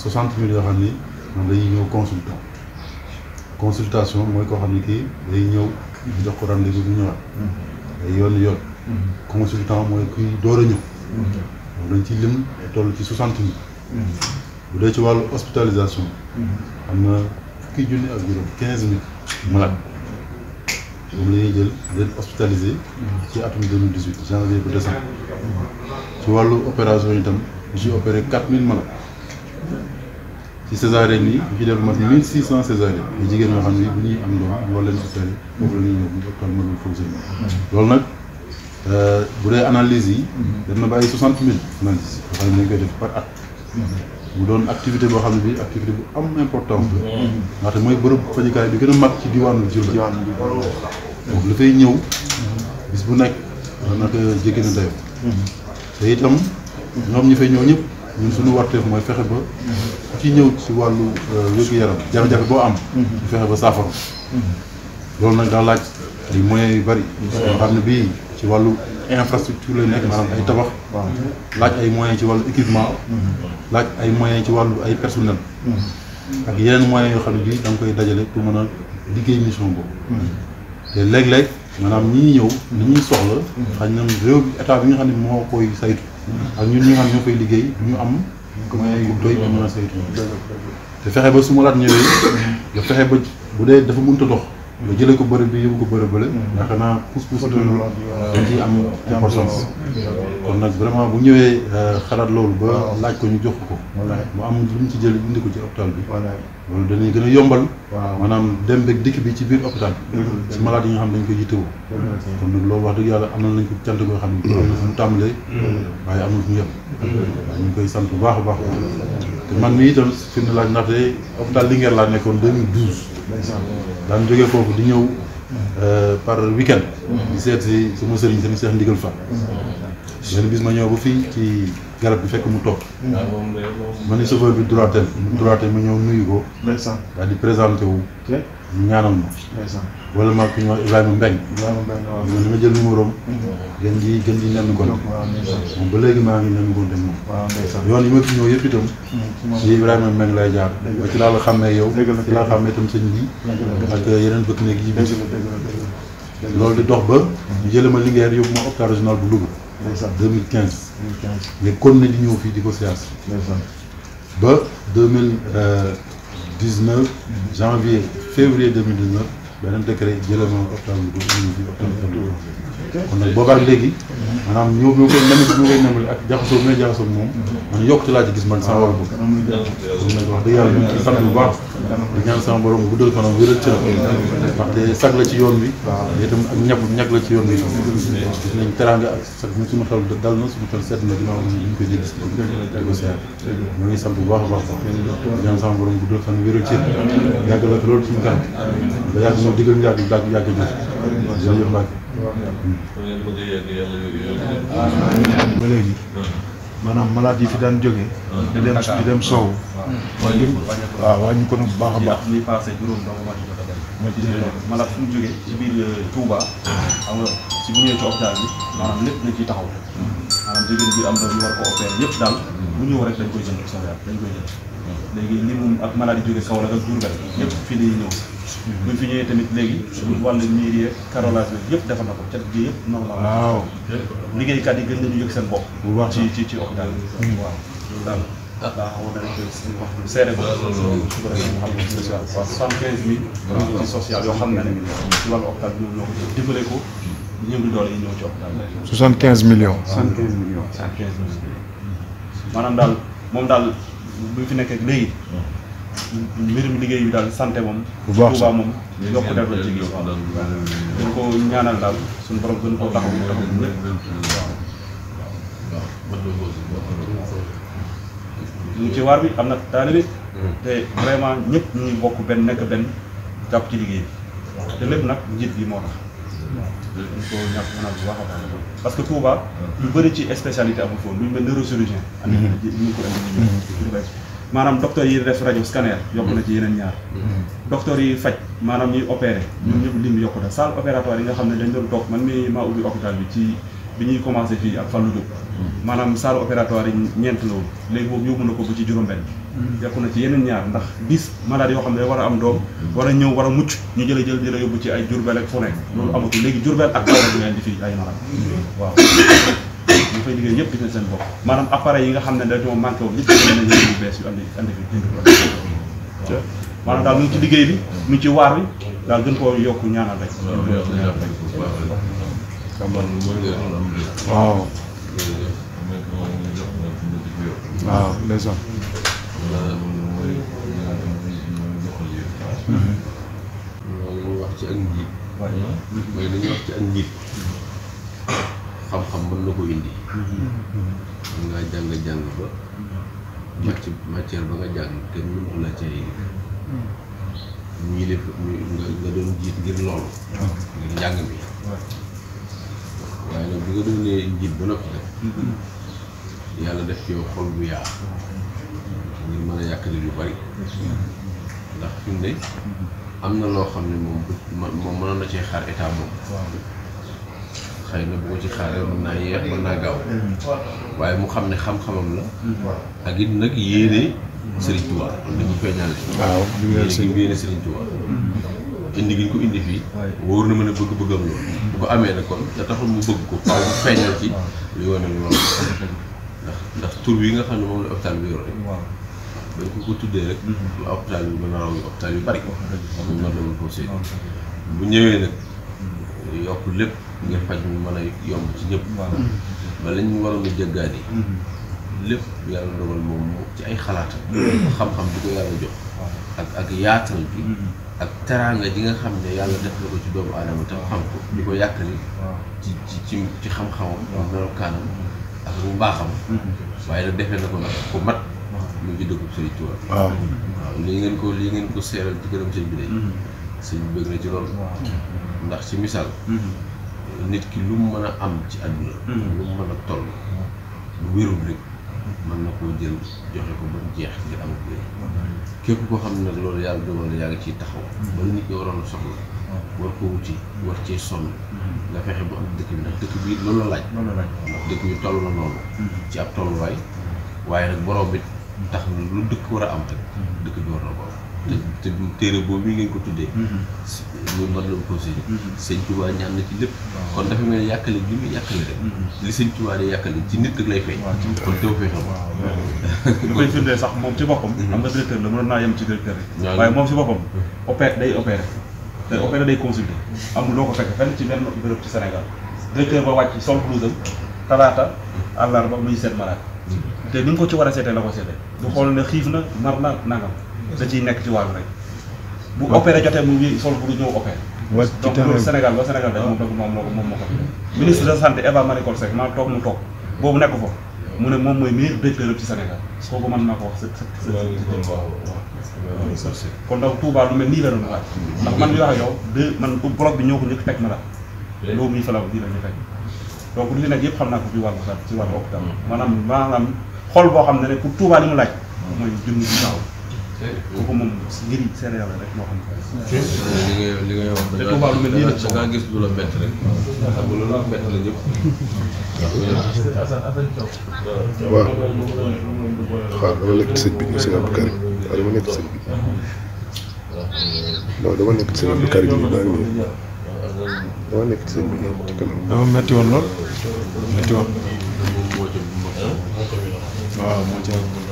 soixante mille yoo xam ni moom dañuy ñëw consultant consultation mooy koo xam ne kii day ñëw ñu jox ko rendez-vous bu ñëwaat yoon yoon consultant mooy kuy door a ñëw moom dañ ci lim toll ci soixante mille bu dee ci wàllu hospitalisation am na fukki junni ak juróom quinze mille malade moom la ñuy jël leen hospitalisé ci atum 2018 janvier ba décembre ci wàllu opération itam ñu ci opéré quatre mille malades ci césarienne yi fi def mat mille six cent césarienne yi jigéen ñoo xam ne bu ñuy am doom loolu la ñu opéré foofu la ñuy yóbbu hôpital Matlaboul Fawzeyni loolu nag euh, bu dee analyse yi dem na bàyyi ay soixante mille analyse yoo xam ne dañ koy def par at mu doon activité boo xam ne bi activité bu am importance la ndaxte mooy bërëb fajukaay bi gën a mag ci diwaanu Diourbel donc lu fay ñëw bis bu nekk daanaka jéggi na dayoo te itam ñoom ñi fay ñëw ñëpp ñun suñu warteef mooy fexe ba ku ci ñëw ci wàllu euh, wér yaram jafe-jafe boo am ñu fexe ba saafara loolu nag daa laaj ay moyens yu bari yoo xam ne bii ci wàllu infrastructure lay nekk maanaam ay tabax laaj ay moyens ci wàllu équipement laaj ay moyens ci wàllu ay personnel ak yeneen moyens yoo xam bii da koy dajale pour mën a liggéey mission boobu te maanaam ñii ñëw ni ñuy soxla xañ na réew état bi nga xam ne moo koy saytu ak ñu ñi nga xam ñoo koy liggéey ñu am moyens yu doy ñu mën a saytu te fexe ba su ma laat ñëwee nga fexe ba bu dee dafa mënta dox nga jëlee ko bërëb bi yóbbu ko bërëb bële ndax naa pousse-pousse loolu dañ ciy am importance kon nag vraiment bu ñëwee euh, xalaat loolu ba laaj ko ñu jox ko mu am lu mu ci jël indi ko ci hôpital bi loolu danañ gën a yombal waaw maanaam dem beeg dikk bi ci biir hôpital si malade yi nga xam ne dañ koy yittewoo kon nag loolu wax dëgg yàlla am nañ ko cant koo xam ne am na fu mu tàmbalee waaye am na fu mu yem waaw ngi koy sant bu baax a baax te man mii itam fi mu laaj ndaxte hôpital Linguère laa nekkoon 2012 daan jógee foofu di ñëw euh, par weekend di seet si sama sëriñ seen Cheikh Ndigal Fall benn bis ma ñëw ba fii ci garab bi fekk mu toog. ma ne chauffeur bi droitel mu droité ma ñëw nuyu ko. ndeysaan di présenté wu. ñu ma. ndeysaan wala maa ngi fi ñu wax Ibrahima Mbeng. Ibrahima Mbeng dama jël numéro am. Mhm. gën di gën di nenn gonte. moom ba léegi maa ngi nenn gonte moom. yoon yi ma fi ñëw yëpp itam. Mhm, ci Ibrahima Mbeng lay jaar. ba ci laa la xàmmee yow. ci laa xàmmee itam sëñ bi. ak uh, yeneen bëkk néeg yi. loolu di dox ba. ñu jëlee ma Linguère yóbbu ma hôpital régional bu Louga ndeysaan 2015. 2015 mais kon ne di ñëw fii di ko siyaas. ndeysaan ba 2019 mhm. janvier février 2019 beneen décret jëlee ma octobre bi ba indi fii octobre kon nag boobaag léegi. Mhm. maanaam ñëw ñoo koy nemmi ñoo koy nemmali ak jaxasoo bi nga jaxasoo moom. Mhm. man yokkute laa ci gis man sama war a bëgg. Ah, kon wax dëgg yàlla ñu ngi ciy sant baax. di ñaan sama borom guddal fanam wéral cëram ndax de sag la ci yoon bi itam ak ñab ñag la ci yoon bi gis nañ teraanga ak sag mu suñu xel dal na suñu xel seet na ginnaaw ñu ñu koy dégg négocier ngi sant bu baax a baax di ñaan sama borom guddal fanam wéral cëram yàgg la loolu suñu kanam ba yàgg moo digal yàgg yàgg yàgg ñu jërëjëf Mbacke hmm. ba léegi maanaam malade yi fi daan jóge ah, di dem di dem soow ah. waaw wàññi ko nag bu baax a baax li passé juróom dong moo ci jot a dem moo ci jot a dem malade fu euh, Touba xam nga si bu ñëwee ci lépp na ci taxaw jigéen bi am doom ñu war ko opérer yëpp daal bu sa yàlla koy jënd léegi li mu ak maladie jóge kaw la ak Diourbel fii lay ñëw buñ léegi wàllu mairie carrelage bi yëpp defal na ko cat gi yëpp normal waaw liggéeykat yi gën nañu yëg seen bopp bu wax ci ci ci hôpital bi hmm. waaw daal waaw xaw ma ne seere ba social waaw soixante-quinze mille social yoo xam ne ne ci wàllu hôpital bi ñoom ñoo ko jël dimbale ko ñëw di doole yi ñëw ci hôpital millions millions cent quinze millions daal moom daal bu fi nekk léegi mbirum liggéey bi daal sante moom Touba moom yokk def la ci gis waaw dañ ko ñaanal daal suñu borom gën koo taxaw mu taxaw ñëpp ngi ci waar bi am na taalibe te vraiment ñëpp ñu ngi bokk benn nekk benn jàpp ci liggéey te lépp nag njiit bi moo tax dañ ko a baax parce que Touba lu bëri ci spécialité amul foofu lu mel neurochirurgien am nañu ñu mhm. ko indi ñu maanaam docteur yi def rajo scanner yokk na ci yeneen ñaar mhm. docteur yi faj maanaam ñuy opéré ñun ñëpp lim yokku na salle opératoire yi nga xam ne dañ doon toog man mi maa ubbi hôpital bi ci bi ñuy commencé fii ak Fallou Diop mhm. maanaam salle opératoire yi ñeent la woon léegi boobu yóbbu na ko ba ci juróom-benn yokku na ci yeneen ñaar ndax dix malade yoo xam ne war a am doom war a ñëw war a mucc ñu jële jël jële yóbbu ci ay Jurbel ak fu nekk loolu amatul léegi Jurbel ak leen di fii waaw ñu fay liggéey ñëpp seen bopp maanaam appareil yi nga xam ne dañoo manqué woon yëpp nañ yu bees yu andi andi fi jënd maanaam daal mu ngi ci liggéey bi mu ngi ci waar bi daal gën koo yokku ñaanal rek waaw waaw ndeysaan yàlla wax ci ak njiit. mooy li ñuy wax ci ak njiit. xam-xam mën na ko indi. mën ngaa jàng jàng ba. màcc ba nga jàng kenn mënu nga doon jiit ngir loolu. ngir njàng mi. waaye nag bi njiit ba noppi nag. yàlla def ci xol bu yaa ngir mën a yàqali lu bari ndax fi ne am na loo xam ne moom moom mënoon na cee xaar état moom xëy na boo ko ci xaaree mën naa yeex mën naa gaaw waaye mu xam ne xam-xamam la ak it nag yéene Serigne Touba kon dañu feeñaale waaw indi gi ñu ko indi fii wóor na ma a bëgg-bëggam loolu bu ko amee na kon da taxul mu bëgg ko faaw feeñal ci lu yoone loolu ndax tur wi nga xam ne moom la hôpital bi yore dañ ko ko tuddee rek. hôpital bi mën naa yu bari. am na loolu conseil bu ñëwee nag lépp ngir mu mën a yomb ci ñëpp. ba lañ waroon a jëggaat yi mm-hmm. lépp yàlla dogal moom ci ay xalaatam. Mm-hmm. xam-xam bi ko ak ak bi. Mm-hmm. nga xam ne yàlla def na ko ci doomu aadama xam ko di ko yàkkali ci ci ci xam-xamam. melokaanam ak bu waaye nag defee na ko nag ko mat. mu ngi dëkkub sëriñ Tuuba ngeen ko lii ngeen ko seeral ci këram mm-hmm. sëñ bi de si bëgg na ci loolu ndax ci misaal mm-hmm. nit ki lu mu mën a am ci àdduna mm-hmm. lu mu mën a toll bu wérul rek mën na koo jël joxe ko ba mu jeex ngir am ko képp koo xam ne nag loolu yàlla dogal na yaa ciy taxaw ba nit ki waroon a soxla war ko wuti war cee sonn nga fexe bu am dëkk bi ndax dëkk bi loolu la laaj ndax dëkk bi toll na noonu ci ab tolluwaay waaye nag borom bi ndax lu dëkk war a am rek mm-hmm. dëkk bi na ko am mm-hmm. te du téere boobu yi ngeen ko tuddee mm-hmm. loolu war lañ conseillé sëñ ñaan na ci lépp kon dafa mel ne yàkkale li muy yàkkale rek li sëñ Tuubaa di yàkkale ci nit rek lay fay kon teew fay sax moom ci boppam am nga directeur la mënoon naa yem ci directeur rek waaye moom ci boppam opé day opéré te opéré day consulté amul loo ko fekk fenn ci benn béréb ci senegal directeur ba wàcc sol blouse am talaata àllarba muy seet malade te ni nga ko ci war a seetee la ko seetee du xool ne xiif na mar na nangam da ciy nekk ci wàllu rek bu opéré jotee mu ngi sol pour ñëw opéré donc loolu Sénégal ba Sénégal da moom dog moom moo moom moo ko ministre de santé Eva Marie Coll Seck maa toog mu toog boobu nekk ko mu ne moom mooy meilleur directeur ci Sénégal kooku man naa ko wax sa sa sa kon donc Touba lu mel nii la doon laaj ndax man li wax ak yow de man bloc bi ñoo ko ñëkk teg ma la loo muy falaw dii la ñu teg donc li nag yëpp xam naa ko ci wàllu sax ci wàllu hôpital mm-hmm. maanaam maanaam xool boo xam ne rek pour Touba li mu laaj mm-hmm. mooy junni bi daaw kooku moom ngir Sénégal rek moo xam ne li ngay wax da ngaa gis lu la bett rek xam nga loolu bett la ñëpp waaw xaar dama nekk sëñ bi monsieur Abdou Karim waaw dama nekk sëñ bi non dama nekk sëñ Abdou Karim daa ngi dama nekk ci sëñ bi ñoom ci kanam. dama metti woon lool metti woon waaw moo ci